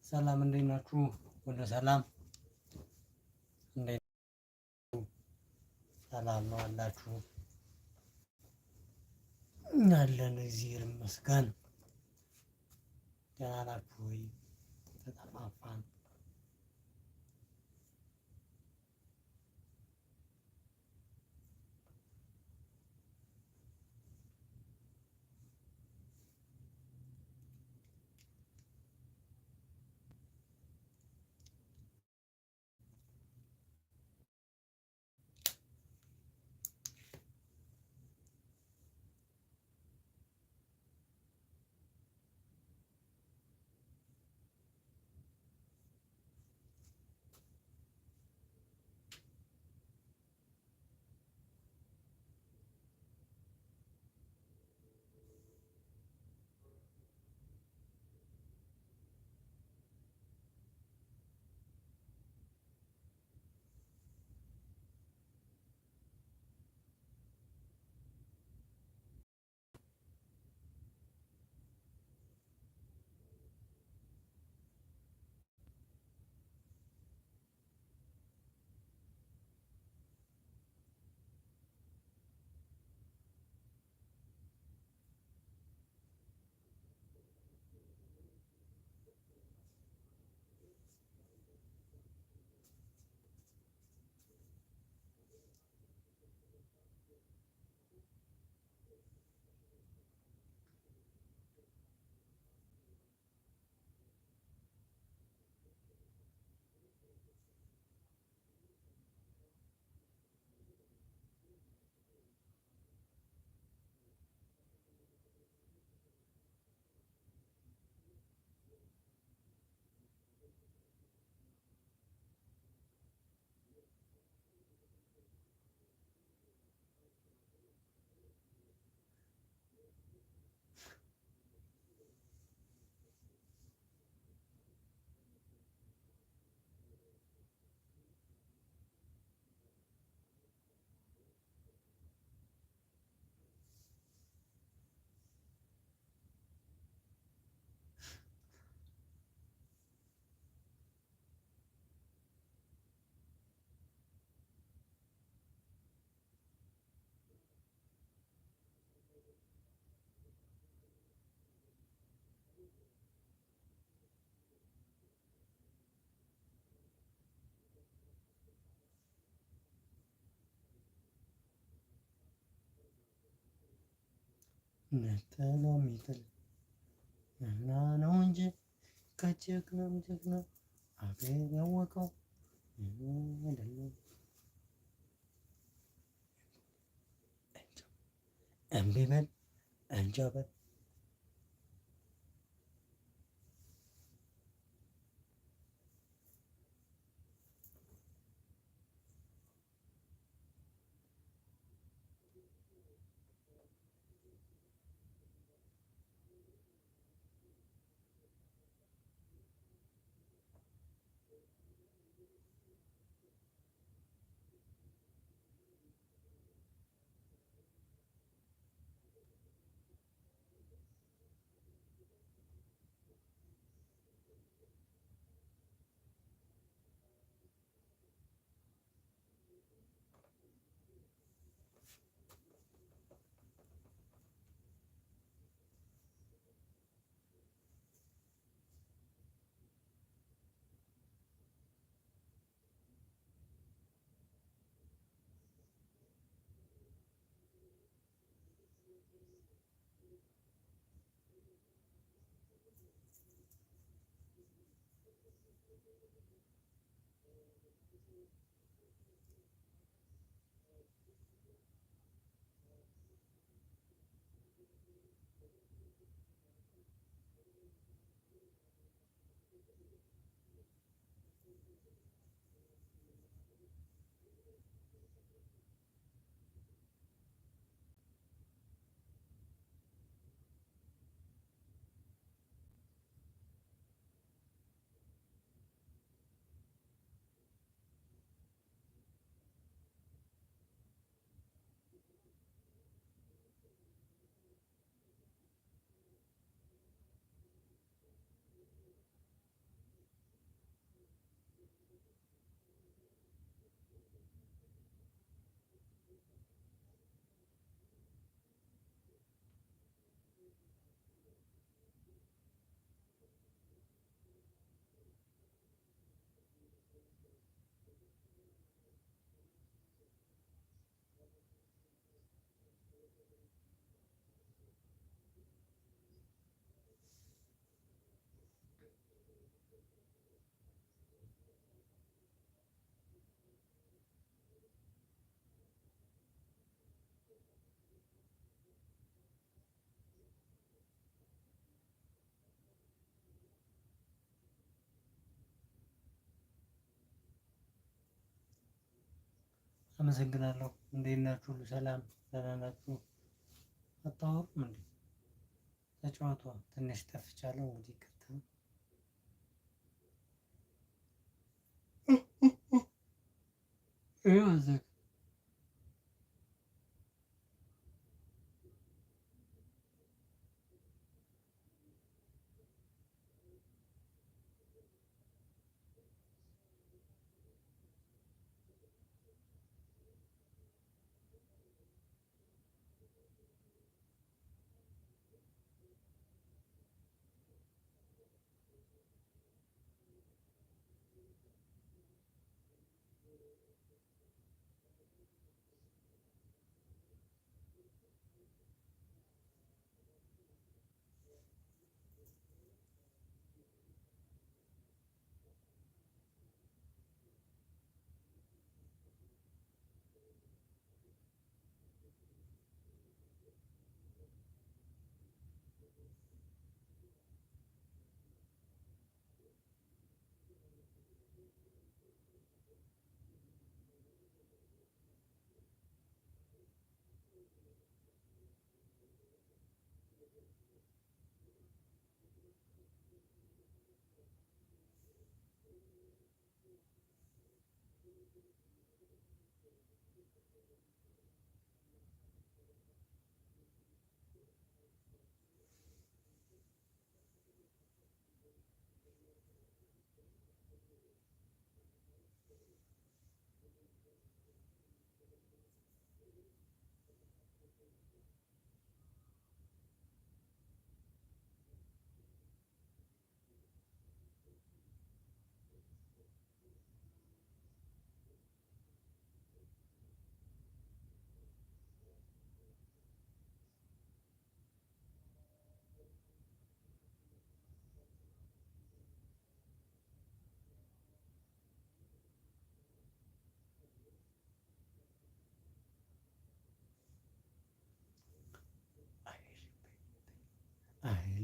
Salam menerima kru, salam. ሰላም ነው አላችሁ? አለን። እግዚአብሔር ይመስገን። ደህና ናችሁ ወይ? ተጠፋፋን። ነጠላ የሚጥል እና ነው እንጂ ከጀግናም ጀግና አገር ያወቀው አይደለም። እምቢ በል እንጃ በል አመሰግናለሁ። እንዴት ናችሁ? ሁሉ ሰላም? ደህና ናችሁ? አታወሩም እንዴ? ተጫዋቷ ትንሽ ጠፍቻለሁ። እንግዲህ ይቅርታ። ይኸው አዘጋ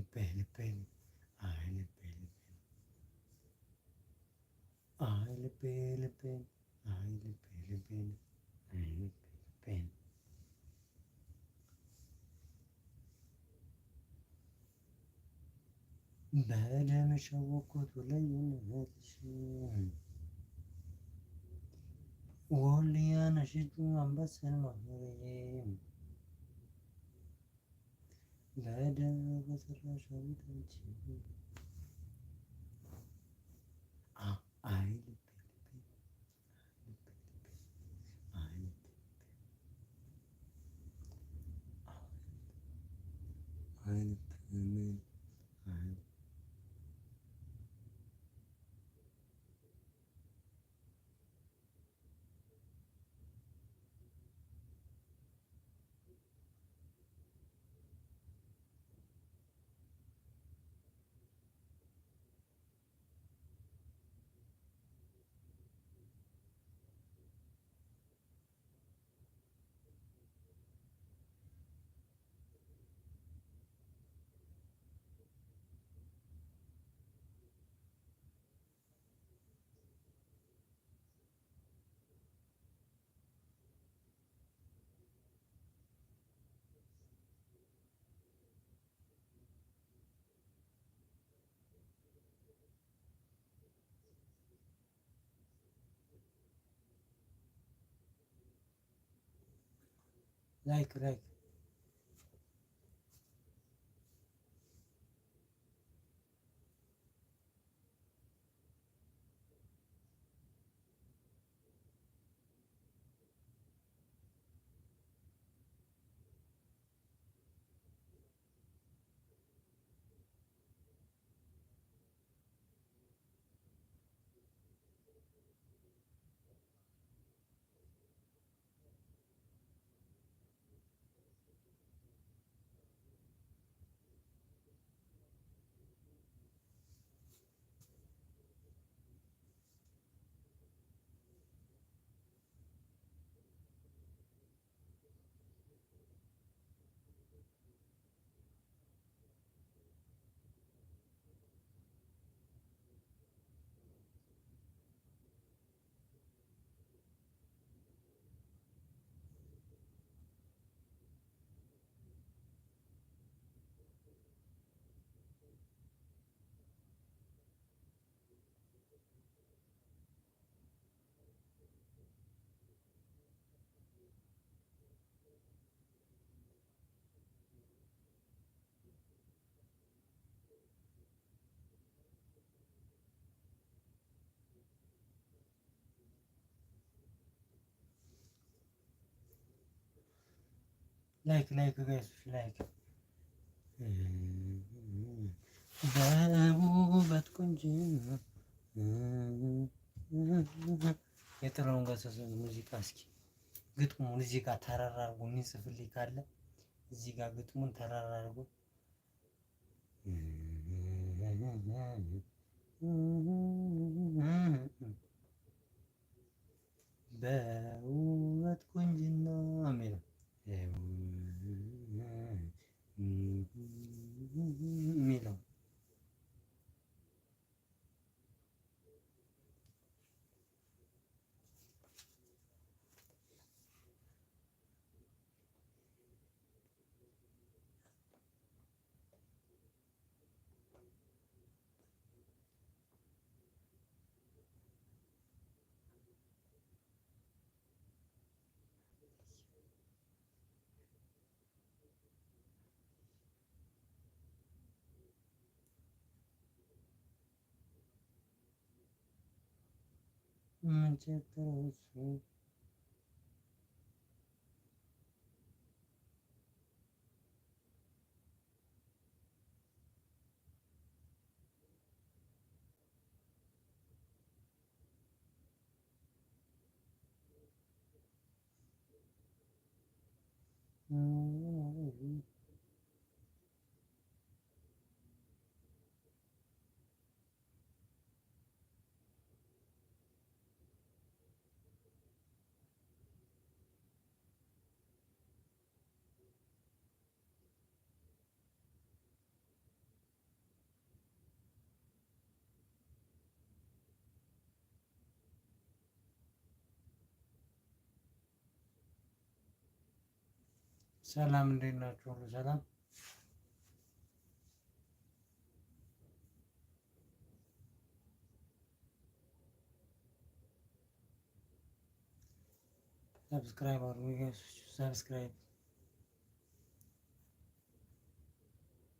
நிற்பேன் நிற்பேன் ஆ நிற்பேன் நிற்பேன் ஆ இழுப்பே இழுப்பேன் ஆ இழுப்பே இழுப்பேன் ஆ இழுப்பே இழுப்பேன் بدا مشوق ذلي هاتشين وقول لي أنا شد عن بس المهورين በደም በሰራሽ like, like. ላይክ ላይክ ጋይስ ላይክ በውበት ቆንጆ የጥላሁን ገሰሰ ሙዚቃ እስኪ ግጥሙን እዚህ ጋር ተራራ አድርጎ የሚጽፍልኝ ካለ እዚህ ጋር ግጥሙን ተራራ አድርጎ በውበት ቆንጅና የሚለው มีหรอก嗯，这个从。ሰላም እንዴት ናችሁ? ሁሉ ሰላም ሰብስክራይብ አድርጉ። ሰብስክራይብ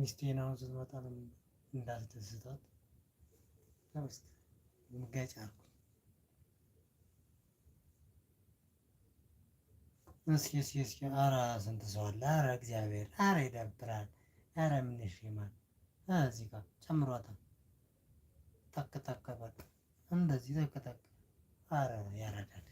ሚስቴን አሁን ስትመጣ እንዳልደስታት ነው። እስኪ እስኪ እስኪ አረ ስንት ሰው አለ? አረ እግዚአብሔር፣ አረ ይደብራል። አረ ምን ይሽማል? እዚህ ጋር ጨምሯታል። ተከተከበት እንደዚህ ተከተከ። አረ ያረዳል።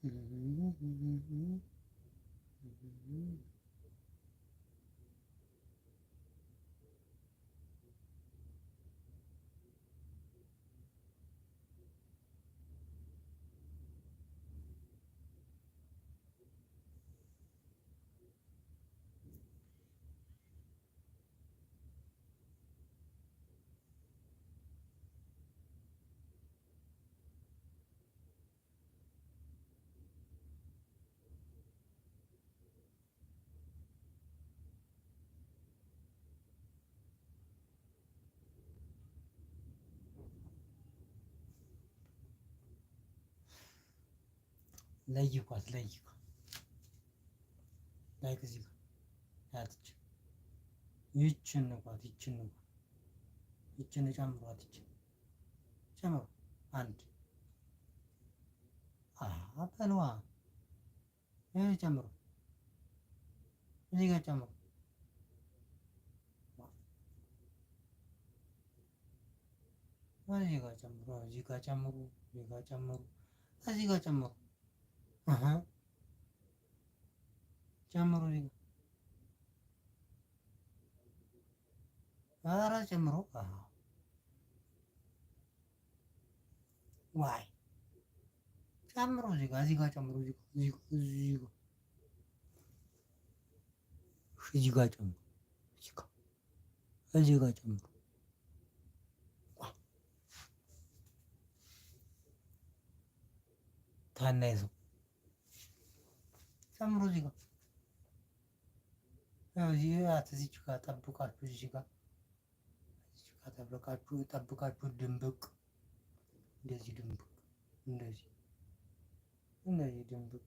Mm-hmm. mm-hmm. mm-hmm. mm-hmm. ለይኳት ለይኳ ላይ ከዚህ ጋር ያትች ይችን ንኳት ይችን ንኳት ይችን ጨምሯት ይችን ጨምሯ አንድ አሃ በለዋ ይሄን እዚህ ጋር ጨምሮ እዚህ ጋር ጨምሮ እዚህ ጋር ጨምሩ እዚህ ጋር ጨምሩ እዚህ ጋር ጨምሩ हाँ ጨምሩ ዲጋ ኧረ ጨምሩ ዋይ ጨምሩ ዚጋ ዚጋ ጨምሩ ዚጋ ዚጋ ጨምሩ ዚጋ ዚጋ ጨምሩ ታናይዘው ጨምሩ። እዚህ ጋር እዚህ አትዚች እዚች ጋር ጠብቃችሁ እዚህ ጋር እዚህ ጋር ጠብቃችሁ ጠብቃችሁ ድንብቅ እንደዚህ ድንብቅ እንደዚህ እንደዚህ ድንብቅ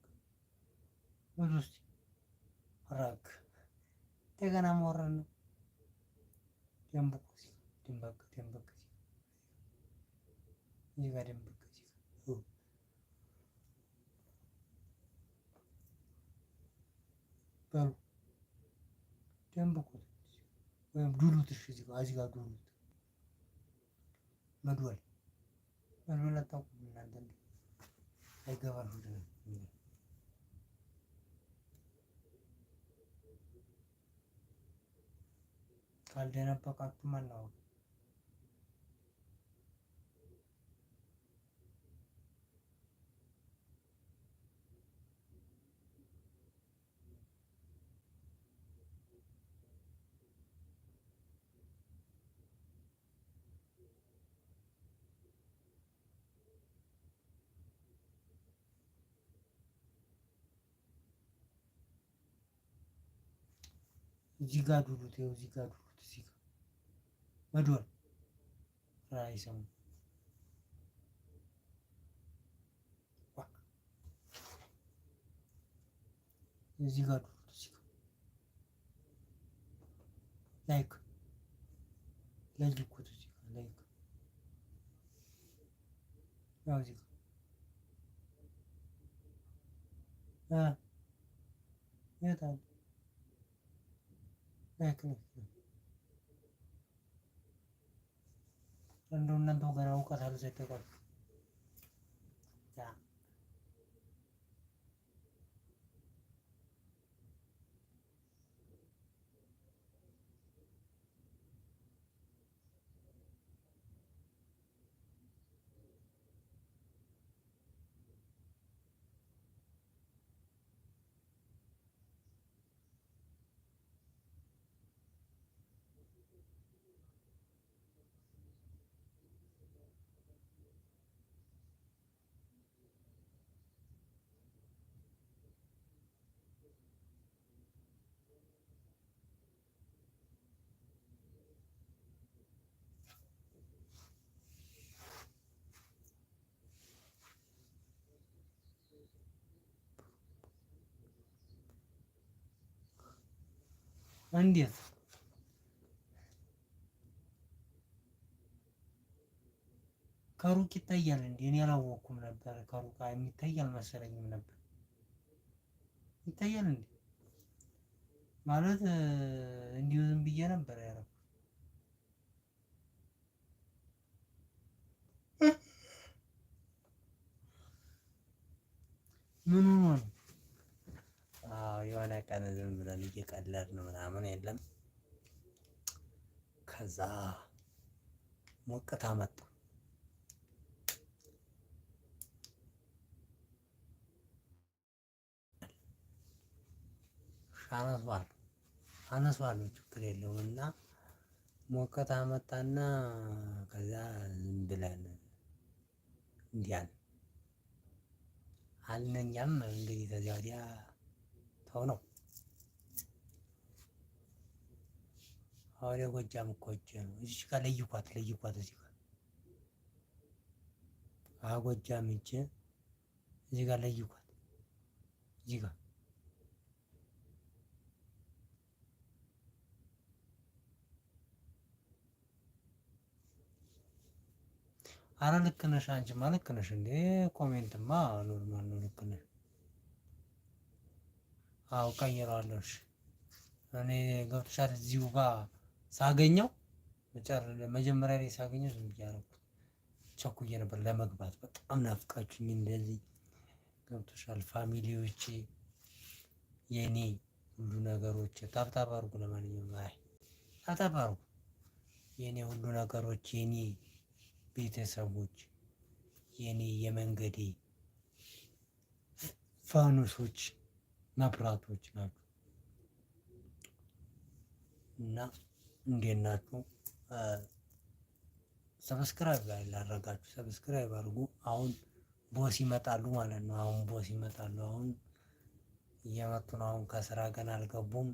ብዙ ውስጥ ራግ እንደገና መወረድ ነው። ድንብቅ ድንብቅ ድንብቅ እዚህ ጋር ድንብቅ በሉ ደንብ ቁት ወይም ዱሉት። እሺ እዚህ ጋር እዚህ ጋር ዱሉት መድወል መድወል አታውቁም እናንተ እዚህ ጋር ዱሉት፣ ይኸው እዚህ ጋር ዱሉት። እዚህ ጋር መዶል ራይ እዚህ ጋር ዱሉት። እዚህ ጋር ላይክ ለጅኩት። እዚህ ጋር ላይክ ያው እዚህ ጋር አ የታለ arkadaşlar. Randondan do garav ka thal se pe kar. እንዴት ከሩቅ ይታያል እንዴ? እኔ አላወቅኩም ነበር። ከሩቅ የሚታይ አልመሰለኝም ነበር። ይታያል እንዴ? ማለት እንዲሁ ዝም ብዬ ነበር ያደረኩት። ምን ሆኖ ነው? የሆነ ቀን ዝም ብለን እየቀለድን ምናምን የለም ከዛ ሞቅታ መጣ። አነሷል ነው ችግር የለውም እና ሞቀት አመጣና ከዛ ዝም ብለን እንዲያን አልነኛም እንግዲህ ከዚያ ወዲያ የሚጽፈው ነው። ሐዋርያው ጎጃም እኮ እጄ ነው። እዚች ጋር ለይኳት ለይኳት። እዚህ ጋር አጎጃም ጎጃም እጄ እዚህ ጋር ለይኳት። እዚህ ጋር አረ ልክ ነሽ አንቺማ ልክ ነሽ እንዴ! ኮሜንትማ ኖርማል ነው። ልክ ነሽ አዎ ቀይረዋለሁ። እሺ እኔ ገብቶሻል። እዚሁ ጋር ሳገኘው መጀመሪያ ላይ ሳገኘው ዝም ብዬ አደረኩት። ቸኩዬ ነበር ለመግባት በጣም ናፍቃችሁኝ እንደዚህ ገብቶሻል። ፋሚሊዎቼ የኔ ሁሉ ነገሮች ታብታብ አድርጉ። ለማንኛውም አይ ታብታብ አድርጉ። የኔ ሁሉ ነገሮች የኔ ቤተሰቦች የኔ የመንገዴ ፋኖሶች መብራቶች ናቸው እና እንዴት ናችሁ? ሰብስክራይብ ላይ ላረጋችሁ ሰብስክራይብ አድርጉ። አሁን ቦስ ይመጣሉ ማለት ነው። አሁን ቦስ ይመጣሉ። አሁን እየመጡ ነው። አሁን ከስራ ገና አልገቡም።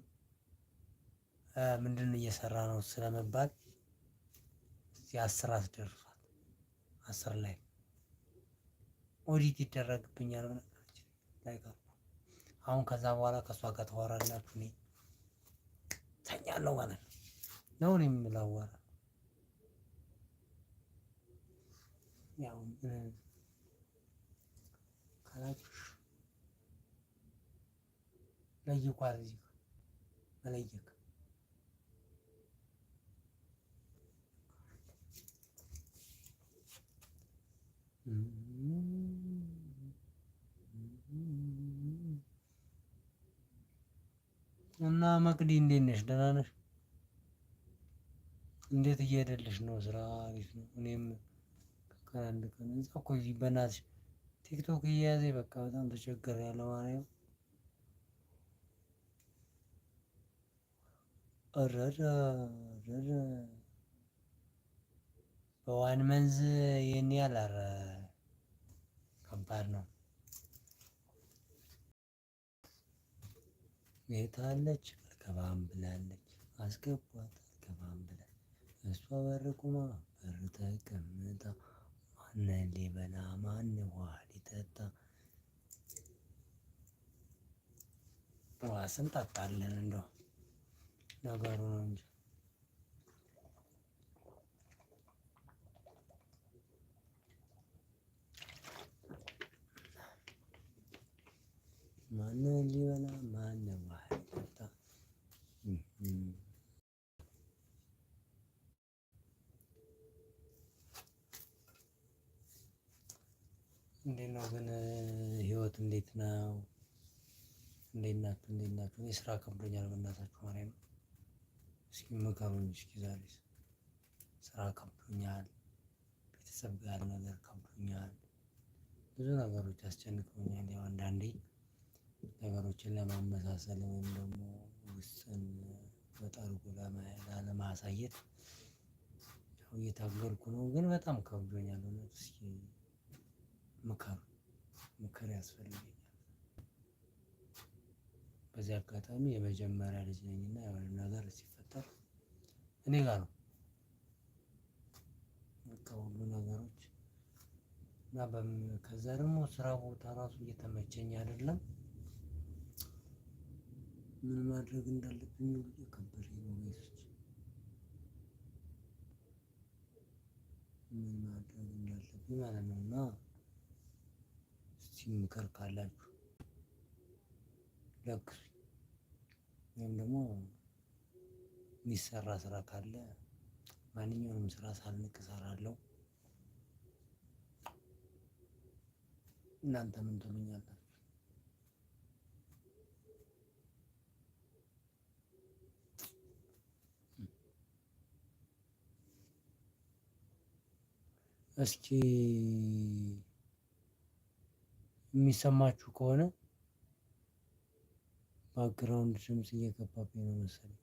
ምንድን እየሰራ ነው ስለመባል እስኪ አስር አስደርሷል። አስር ላይ ኦዲት ይደረግብኛል። አሁን ከዛ በኋላ ከእሷ ጋር ተዋራላችሁ እኔ ተኛለሁ ማለት ነው ነው የምላወራ ያው ካላችሁ ለይኳል እዚህ መለየክ Mm-hmm. እና መቅዲ እንዴት ነሽ? ደህና ነሽ? እንዴት እየሄደልሽ ነው? ስራ አሪፍ ነው። እኔም ከአንድ ቀን እዛ እኮ በእናትሽ ቲክቶክ እየያዘ በቃ በጣም ተቸገር ያለው ማርያም ረረረረ እረረ በዋን መንዝ ይህን ያላረ ኧረ ከባድ ነው። የት አለች አልገባም ብላለች አስገቧት አልገባም ብላ እሷ በር ቁማ በር ተቀምጣ ማንን ሊበላ ማንን ውሃ ሊጠጣ ውሃ ስንጠጣለን እንደው ነገሩ ነው እንጂ ማንን ሊበላ ማንን እንዴት ነው ግን ህይወት እንዴት ነው? እንዴት ናችሁ? እንዴት ናችሁ? እኔ ስራ ከብዶኛል በእናታችሁ ማርያምን እስኪ ምከሩኝ። እስኪ ዛሬ ስራ ከብዶኛል፣ ቤተሰብ ጋር ነገር ከብዶኛል፣ ብዙ ነገሮች አስጨንቀውኛል። ያው አንዳንዴ ነገሮችን ለማመሳሰል ወይም ደግሞ ውስጥን በጠርጉ ላለማሳየት ያው እየታገልኩ ነው፣ ግን በጣም ከብዶኛል እውነት እስኪ ምክር ምክር ያስፈልገኛል። በዚህ አጋጣሚ የመጀመሪያ ልጅ ነኝና የሆነ ነገር ሲፈጠር እኔ ጋር ነው በቃ ሁሉ ነገሮች እና ከዛ ደግሞ ስራ ቦታ ራሱ እየተመቸኝ አይደለም። ምን ማድረግ እንዳለብኝ እየከበደኝ ነው። ቤቶች ምን ማድረግ እንዳለብኝ ማለት ነው እና እስኪ ምክር ካላችሁ ለግሱ ወይም ደግሞ የሚሰራ ስራ ካለ ማንኛውንም ስራ ሳልንቅ እሰራለሁ። እናንተ ምን ትሉኛላችሁ? እስኪ የሚሰማችሁ ከሆነ ባክግራውንድ ድምፅ እየገባብኝ ነው መሰለኝ።